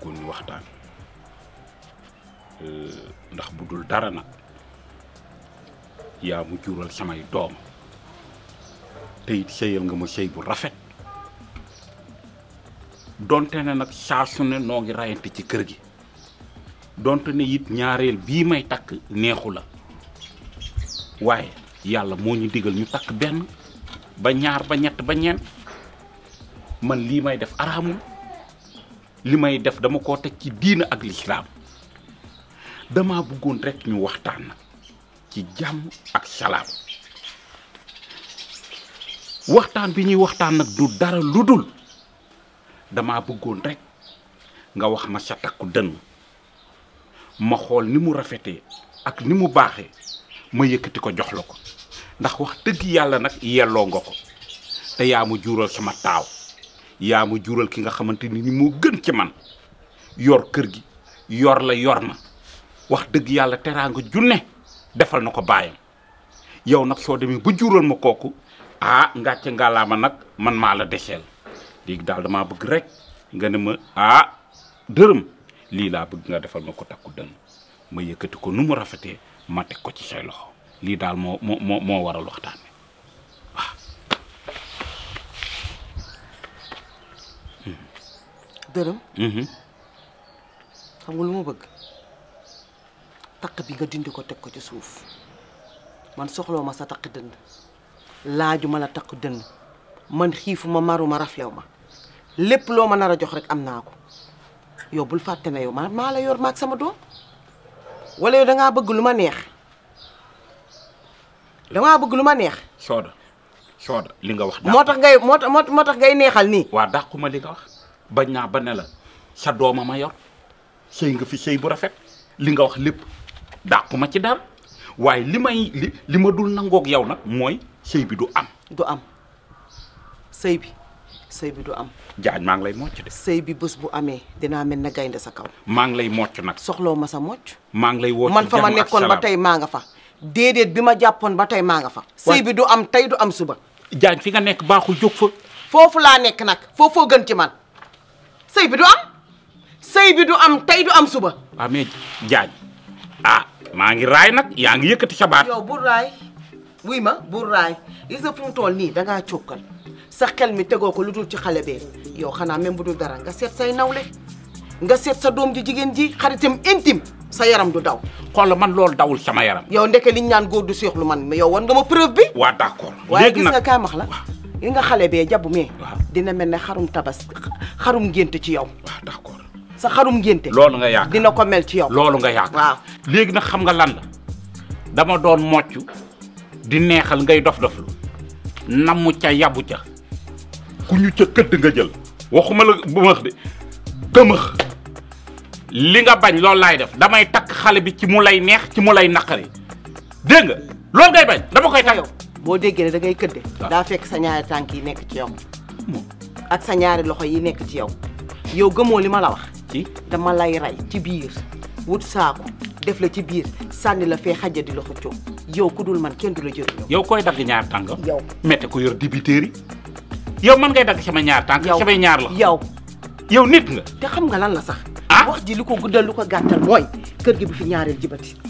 ko ñu waxtaan eh, ndax budul dara nak ya mu jural samay doom te it nga mo sey bu rafet donte ne nag saa su ne ngi rayanti ci kër gi donte ne it Ia bii may tak neexu la banyak yàlla moo ñu diggal ñu tak ben ba ñaar ba ñett ba ñen man li may def araamul limay def dama ko tek ci diina ak l'islam dama bëggoon rek ñu waxtaan ci jàmm ak salam waxtaan bi ñuy waxtaan nak du dara lu dama bëggoon rek nga wax ma sa takku deun ma xol ni mu rafété ak ni mu baxé ma yëkëti ko jox ko ndax wax dëgg yalla nak nga ko te ya mu juural sama taw Ya mu jural ki nga xamanteni ni mo gën ci man yor kër gi yor la yor ma wax deug yalla teranga junne defal nako bayam yow nak so demé bu jural ma koku ah ngàcce ngàllaama nak, man maa la deseel dig dal damaa bëgg rek nga ne ma ah deureum li la bëgg nga defal mako takku dënn ma yëkëti ko numu mu ma tek ko ci say loxo li dal mo mo mo waral dërëm. Mhm. xam nga lu ma bëgg takk bi nga dindi ko teg ko ci suuf man soxloo ma sa takk dënd laaju ma la takk dënd man xiifu ma maru ma raflew ma lépp loo ma nar a jox rek am naa ko yow bul fàtte ne yow ma maa la yor mak sama do? wala yow dangaa bëgg lu ma neex dangaa bëgg lu neex. sooda sooda li nga wax. moo tax ngay moo tax ngay neexal li nga wax bañ naa ba ne la sa doma ma yor sey nga fi sey bu rafet li nga wax lepp dàqu ma ci dara waye limay lima dul nangok yaw nak moy sey bi du am du am sey bi sey bi du am jaaj maa ngi lay moccu de sey bi bés bu amé dina melna gaynde sa kaw maa ngi lay moccu nak soxlo ma sa moccu maa ngi lay woo man fa ma nekkon ba tay ma nga fa dedet bima ma ba tay ma nga fa sey bi du am tay du am suba jaaj fi nga nek baxu juk fa fofu la nek nak fofu gën ci man sëy bi du am sëy bi du am tey du am suba. amee mais Diagne ah maa ngi raay nag yaa ngi yëkkati sa baat. yow bu raay wuy ma bu raay gis nga fu tool nii da ngaa cokkal sa xel mi tegoo ko lu dul ci xale bee yow xanaa même bu dul dara nga seet say nawle nga set sa doom ji jigéen ji xaritam intime sa yaram du daw. xoolal man loolu dawul sama yaram. yow ndeke liñ naan góor du seexlu man mais yow wan nga ma preuve bi. waa d'accord léegi nag waaye gis nga kaamax la. li nga xale bee jabu mee dina mel ne xarum tabas xarum ngénte ci yow waaw d'accord sa xarum ngénte loolu nga yaakaar dina ko mel ci yow loolu nga yaakaar léegi nag xam nga lan la dama doon mocc di neexal ngay dof doflu namu ca yabu ca ku ñu ca këdd nga jël waxuma la bëmëx de këmëx li nga bañ loolu laay def damay takk xale bi ci mu lay neex ci mu lay naqari dégg nga loolu ngay bañ dama koy tàggat boo déggee ne da ngay këdde daa fekk sa ñaari tanki yi nekk ci yow ak sa ñaari loxo yi nekk ci yow yow gëmoo li ma la wax ci dama lay ray ci biir wut saako def la ci biir sanni la fee xajja di loxo ci yow ku dul man kenn du la jëriñoo yow koy dag ñaar tanga yow metti ko yor dibiteeri yow man ngay dag sama ñaar tanga sama ñaar la yow yow nit nga te xam nga lan la sax ah? wax ji liko guddal liko gattal moy kër gi bu fi ñaareel jibati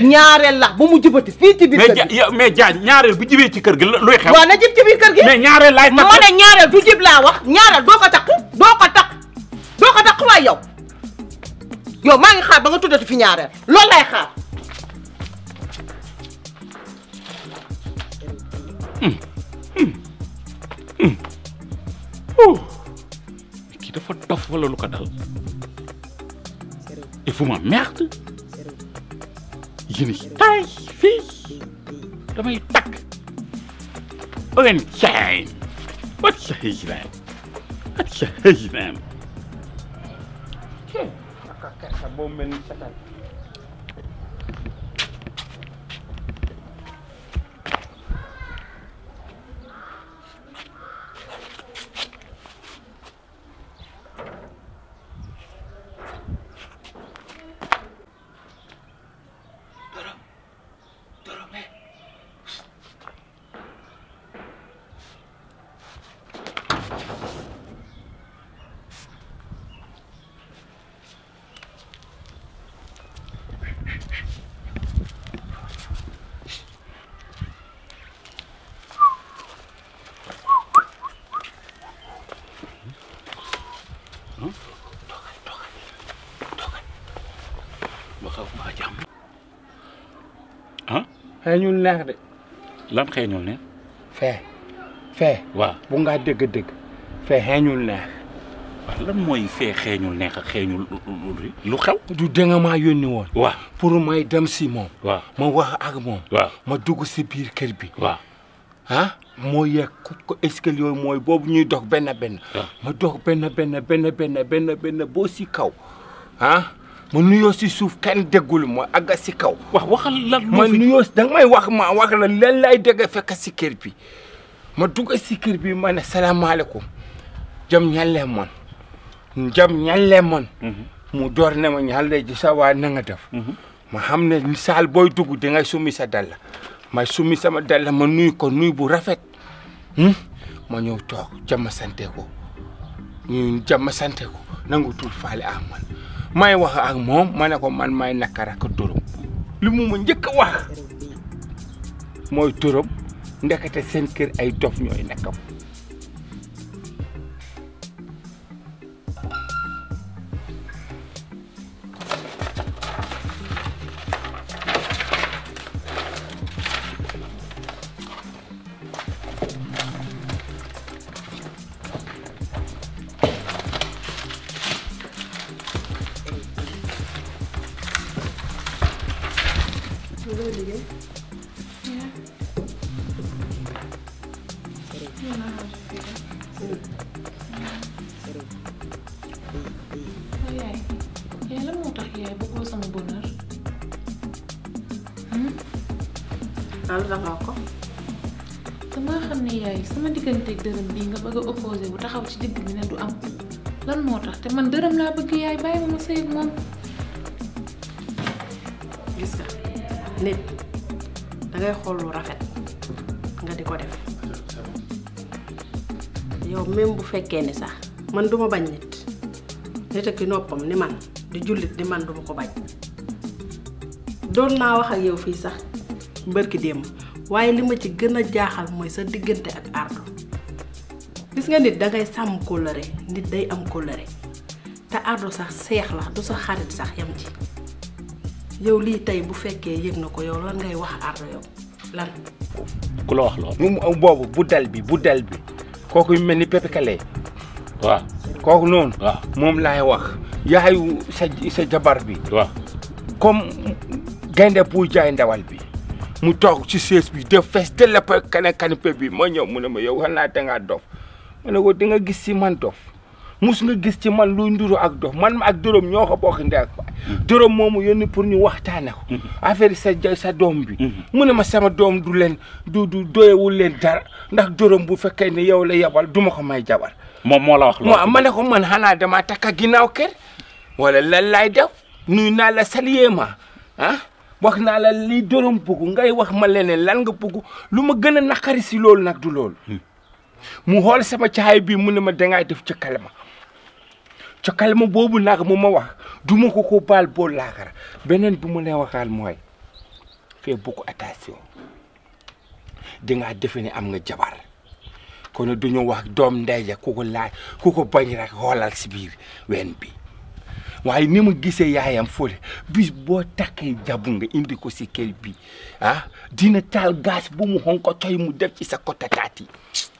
ñaareel la ba mu jëbati fii ci biir gi mais Diagne ñaareel bu jibee ci kër gi luy xew waaw na jib ci biir gi mais ñaareel laay ma ne ñaareel du jib laa wax ñaareel doo ko takk doo ko takk doo ko takk waay yow yow maa ngi xaar ba nga tuddati fi ñaareel loolu lay xaar hmm. Hmm. Hmm. kii dafa dof wala lu ko dal et vous m'emmerde Hier weg. Teich, vies. Daarmee tak. En zijn. Wat zeg je dan? Wat zeg je xeeñul neex de. lan xeeñul neex. fee. fee. bu ngaa dëgg-dëgg. fee xeeñul neex. waaw mooy fee xeeñul neex ak xeeñul lu xew. du danga maa yónni woon. pour may dem si moom. waaw ma wax ak moom. ma dugg si biir kër bi. Ah, moo yegg ko escalier yooyu mooy boobu ñuy dox benn benn. ma dox benn benn benn benn benn benn boo si kaw ah. ma nuyoo si suuf kenn déggul ma àgga si kaw. wax waxal lan ma nuyoo da nga wax ma wax la lan lay dégg fekk si kër bi ma dugg si kër bi ma ne salaamaaleykum jam ñalle man jam ñalle man mhm. mu door ne ma ñalle ji sa waa na nga mhm. ma xam ne saal booy dugg da ngay summi sa dalla ma summi sama dalla ma nuyu ko nuyu bu rafet hmm? ma ñëw toog jàmm sante ko ñu jàmm sante ko nangu may wax ak moom ma ne ko man may nakar ak turam li mu ma njëkk a wax mooy turam ndekete seen kër ay dof ñooy nekkam sax lu tax ko. dama xam ne yaay sama digganteeg dërëm bii nga bëgg a bu taxaw ci digg bi ne du am lan moo tax te man dërëm laa bëgg yaay bàyyi ma ma sëy moom. gis nga nit da ngay xool lu rafet nga di ko def yow même bu fekkee ne sax man duma bañ nit nit ki noppam ni man di jullit di man duma ko bañ doon naa wax ak yow fii sax. mbërki démb waaye li ma ci gën a jaaxal mooy sa diggante ak Ardo gis nga nit dangay sàmm kóllëre nit day am kóllëre te Ardo sax seex la du sa xarit sax yam ci yow lii tey bu fekkee yëg na ko yow lan ngay wax Ardo yow lan ku la wax loolu boobu bu del bi bu del bi kooku yu mel ni Pepe Kale waaw kooku noonu moom laay wax yaayu sa sa jabar bi waaw comme gaynde buy jaay ndawal bi mu toog ci sees bi def fees de lépp kane bi ma ñëw mu ne ma yow xanaa dangaa dof ma ne ko di nga gis si man dof mus nga gis ci man luy nduru ak dof man ma ak dërëm ñoo ko bokk ndey ak dërëm mm-hmm. moomu yónni pour ñu waxtaane ko mm-hmm. affaire sa sa doom bi mm-hmm. mu ne ma sama doom du leen du du doyewul leen dara ndax dërëm bu fekkee ne yow la du duma ko may jabar moom moo la wax loolu ma ne ko man xanaa damaa takka ginnaaw kër wala lan laay def nuy naa la saliyee wax naa la li dorom pugu ngay wax ma lenen lan nga pugu luma gëna nakari ci lool si du lool hmm. mu hol sama chaay bi mu ne ma ngay def ci kalma ci kalma bobu nak mu ma wax du mako ko bal bo boo laakara beneen bu ma lay attention di nga defene am nga jabar kono duñu wax dom ndey ja laaj bañ rek holal ci bir wen bi waaye ni ma gisee yaayam foole bis boo takkee jabu nga indi ko si kër bi ah dina taal gaas bu mu xon ko mu def ci sa côté taat yi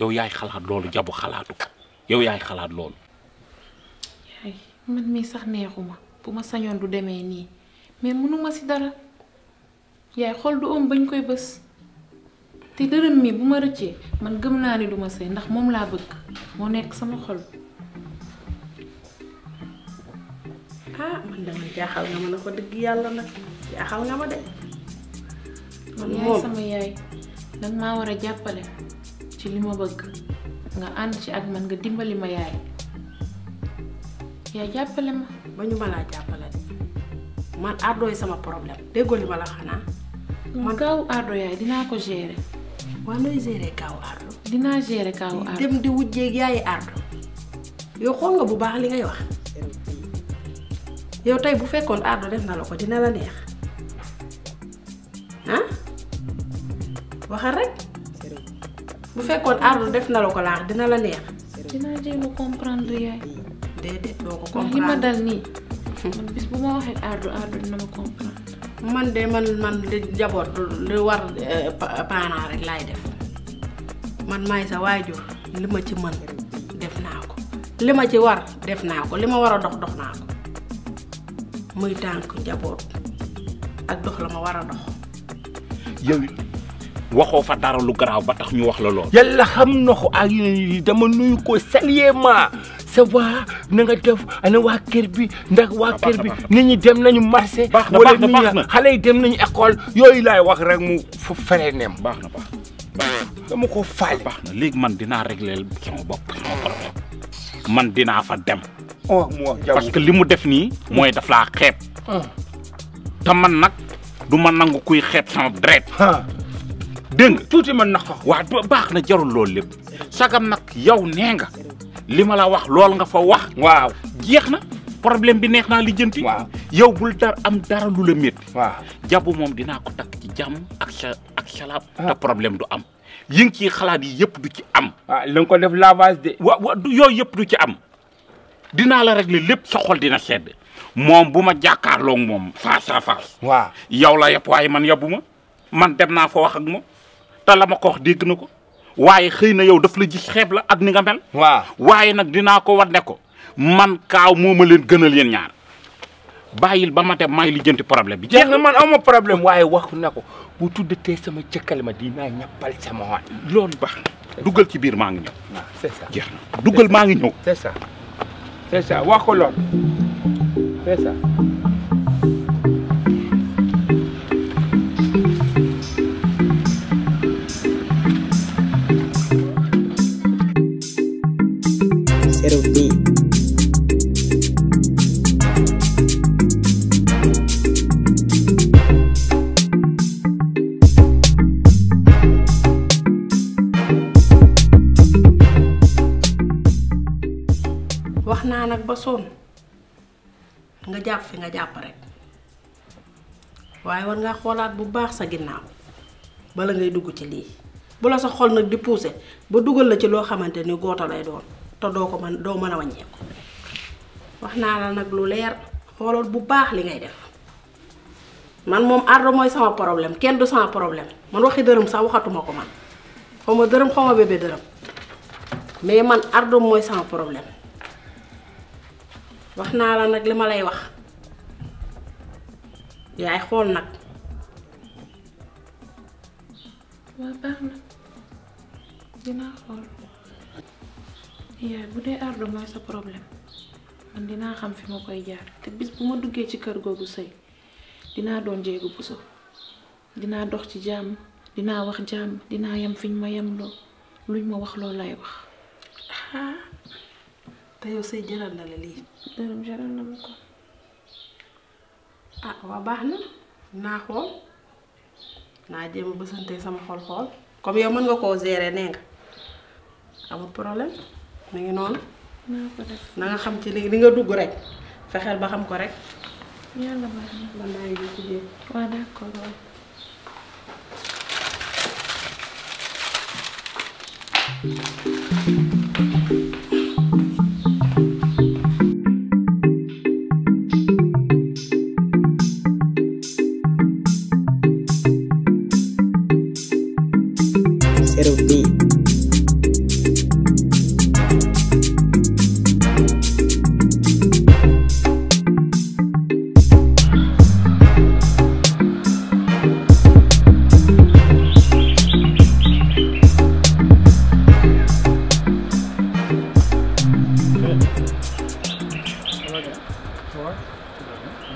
yow yaay xalaat loolu jabu xalaatu ko yow yaay xalaat loolu yaay man mii sax neexuma bu ma sañoon du demee nii mais mënuma si dara yaay xol du om bañ koy bës te dërëm mi bu ma rëccee man gëm naa ni du ma sëy ndax moom laa bëgg moo nekk sama xol ah man dama jaaxal nga ma ne ko dëgg yàlla nag jaaxal nga ma de. man moom sama yaay danga maa war a jàppale ci li ma bëgg nga ànd ci ak man nga dimbali ma yaay yaa jàppale ma. ba ñu ma laa jàppale man àddooy sama problème déggoo li ma la xanaa. man kaawu ardo yaay dinaa ko gérer. waa nooy gérer kaawu ardo. dinaa gérer kaawu ardo dem di wujjeeg yaayi ardo yow xool nga bu baax li ngay wax. yow tey bu fekkoon ardu def na la ko dina la neex ah waxal rek bu fekkoon Ardo def na la ko laax dina la neex. dinaa jéem a comprendre yaay. déedéet doo ko comprendre ma dal nii. man bis de man man li jaboot li war eh, parent rek laay def man maay sa waajur li ma ci mën def naa ko li ma ci war def naa ko li ma war a dox dox naa ko. muy tànk njaboot ak dox la ma war a dox. yow waxoo fa dara lu garaaw ba tax ñu wax la lool. yàlla xam na ko yi dama nuyu ko saluement ça va na nga def ana wax kër bi ndax waa kër bi nit ñi dem nañu marché. baax na baax na ñi xale yi dem nañu école yooyu laay wax rek mu feree neem. baax na baax dama ko faale. baax na léegi man dinaa régler sama bopp sama problème man dinaa fa dem. Oh, parce que li mu def ni moy daf laa xeeb hmm. te man nak du ma nangu kuy xeeb sama dret deng nga man nak wa baax na jarul lol lepp sagam nag yow ne nga lima la wax lol nga fa wax waaw jeexna problème bi neex naa lijjanti yow bul dar am dara lu le métti waaw jabu mom dina ko tak ci jam ak sa ak salaam ah. ta problème du am yi ci xalaat yi yep du ci am waaw ah, la ko def lavage de wa wa yooyu du ci am dina la régler lepp sa xol dina sedd mom buma ma jàkkaarloo mom face à face. wa yow la yapp way man yóbbu man dem na fa wax ak mom ta lama ko wax deg nako waye xeyna yow daf la gis xeb la ak ni nga mel. wa waye nak dina ko wan ne ko man kaw moma ma leen gënal ñaar bayil ba ma may li jënt problème bi. jeex na man amoo problème waye wax na ko bu té sama jëkkal ma dina ñappal sama waay. lool bax duggal ci bir ma ngi ñëw. c'est ça jeex na duggal ma ngi ñëw. c'est ça. César, guajolot. César. nga japp fi nga japp rek waye war nga xoolaat bu baax sa ginnaaw bala ngay dugg ci li bu la sa xol nak di pousser ba duggal la ci lo xamanteni goto lay doon te do ko man doo meuna wagne ko waxna la nak lu leer xolot bu baax li ngay def man mom ardo moy sama problème ken du sama problème man waxi deureum sax waxatuma ko man xoma deureum xoma bébé deureum mais man ardo moy sama problème wax naa la nag li ma lay wax yaay xool nag waa baax na dinaa xool yaay bu dee ardo mooy sa problème man dinaa xam fi ma koy jaar te bis bu ma duggee ci kër googu sëy dinaa doon jéegu buso dinaa dox ci jàmm dinaa wax jàmm dinaa yem fiñ ma yem loo luñ ma wax loolu lay wax ah. te yow say jaral na la lii. dërëm jaral na ma ko. ah waa baax na naa xool naa jéem a bësante sama xol-xol comme yow mën nga koo gérer nee nga amul problème mu ngi noonu. naa ko def na nga xam ci li li nga dugg rek fexeel ba xam ko rek. yàlla baax na man maa ngi ci jéem. waaw d'accord waaw.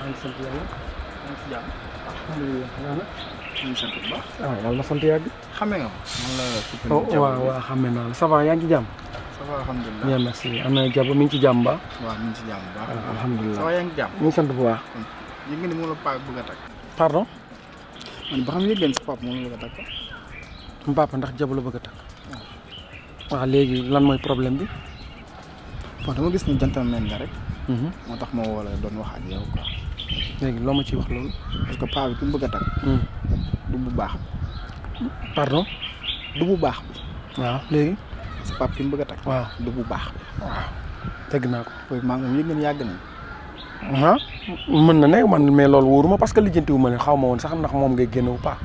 maa ngi sant yàlla maa ngi si jàmm. alhamdulilah yàlla. maa ngi sant bu baax. waaw yàlla na sant yàgg. xame nga ma man Alhamdulillah. suuf ah, oh, yang waaw waaw xame naa la ça va yaa ngi ci jàmm. ça va alhamdulilah bien merci jabu la bëgg a takk. waaw léegi lan mooy problème bi. bon dama gis ni jantam mel nga rek. léegi loo ma ciy wax loolu. parce que paa bi mu bëgg a takk. Hmm. du bu baax. pardon. du bu baax. waaw léegi. sa papa ki mu bëgg a takk. du bu baax. waaw dégg naa ko. booy maa ngi li ngeen yàgg na ah mën na nekk man mais loolu wóoruma parce que lijjanti wu ne xaw ma woon sax ndax moom ngay génn wu paa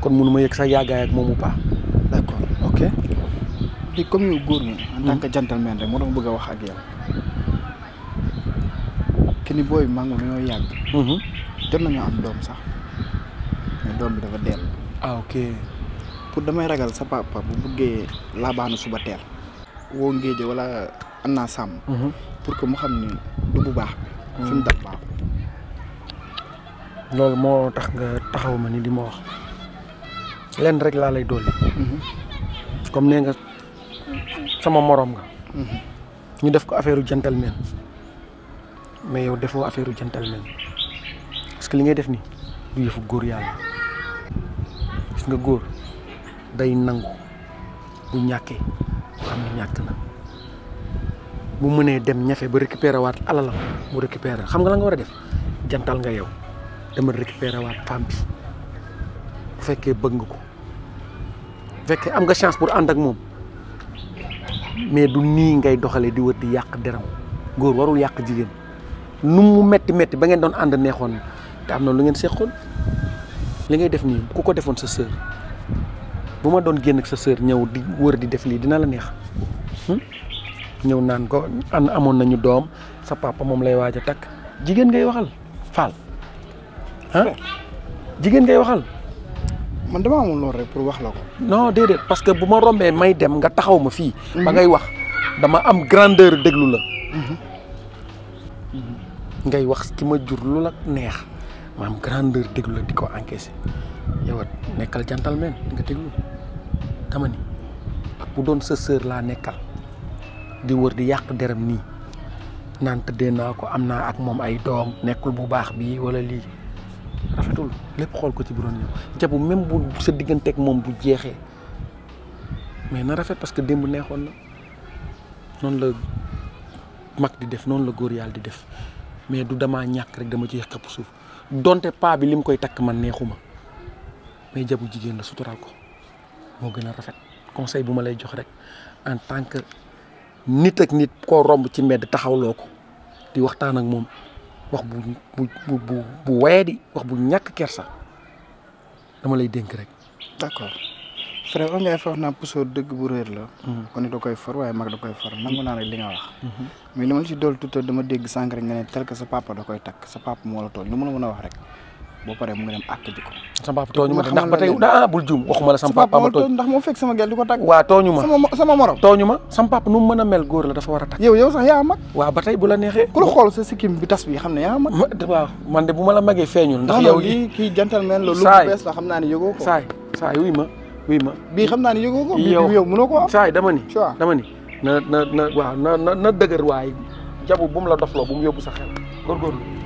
kon mënu ma yëg sax yàggaay ak moomu paa. d' accord ok. comme yow góor ñi. en tant que hmm. gentleman rek moo doon bëgg a wax ak yow. ni boy maa ngi dañoo yàgg. Mhm. jot nañoo am dom sax mais dom bi dafa dellu. ah ok pour damay ragal sa papa bu buggee laabaanu suba teel. woo ngéeje wala am naa sàmm. pour que mu xam ni du bu baax. fim mhm. mu baax. loolu moo tax nga taxaw ma ni li ma wax lenn rek laa lay dolli. Mhm. comme nga sama morom nga. ñu def ko affaireu gentleman mais yow defo affaireu gentleman parce que li ngay def ni du yefu gor yalla gis nga gor day nangu bu ñaké am ni na bu mëne dem ñafé ba récupérer waat alalam mu récupérer xam nga la nga wara def jantal nga yow dama récupérer waat fam bi bu bëgg nga ko bu am nga chance pour and ak mom mais du ni ngay di deram warul jigéen nu mu metti metti ba ngeen doon ànd neexoon te am na lu ngeen seqoon li ngay def nii ku ko defoon sa sœur bu ma doon génn ak sa sœur ñëw di wër di def lii dina la neex hmm? ñëw naan ko an amoon nañu doom sa papa moom lay waaj a takk jigéen ngay waxal Fall ah jigéen ngay waxal. man dama amoon loolu rek pour wax la ko. non déedéet parce que bu ma rombee may dem nga taxaw ma fii. ba mhm. ngay wax dama am grandeur déglu la. Mhm. ngay wax ki ma jur lu la neex maam grandeur deglu la di encaisser yowat nekkal gentleman nga deglu dama ni bu doon sa sœur la nekkal di wër di yak deram nii nan tëddee ko amna ak mom ay dom nekkul bu baax bi wala li. rafetul lepp xol ko ci bu doon jabu même bu sa ak mom bu jéxé mais na rafet parce que demb non na noonu la mak di def non la gor yal di def mais du damaa ñàkk rek dama ciy xëpp suuf donte paa bi li lim koy takk man neexuma mais jabu jigéen la sutural ko moo gën a rafet conseil bu ma lay jox rek en tant que nit ak nit koo romb ci mbedd taxawloo ko di waxtaan ak moom wax bu bu bu bu waye di wax bu ñàkk kersa dama lay dénk rek d'accord frère on ngay fa wax naa puso dëgg bu reer la mhm. kon da koy for waaye mag da koy for nangu naa ne li nga wax mhm. mais li ci dol tuutal dama deg sànq rek ngene tel que sa papa da koy takk sa papa mo la tool lu ma la mën wax rek bo paree mu ngi dem ak djiko sa papa toñuma de ndax batay da bul djum waxuma la sama papa ma toñ ndax mo fek sama gel diko tak wa toñuma ma sama sama morom toñuma ma papa nu mu mel góor la dafa war a takk yow yow sax ya mag wa batay tey bu la neexee ku la sa sikim bi tas bi xam ne mag man de bu la magee feñul ndax yow li ki gentleman lo lu bes la xamna ni yego ko say say wi ma wuy ma bii xam naa ne yëgoo ko. yow mënoo ko am saa yi dama ni. dama ni na na na waaw na na dëgër waay jabu bu mu la dofloo bu mu yóbbu sa xel góorgóorlu.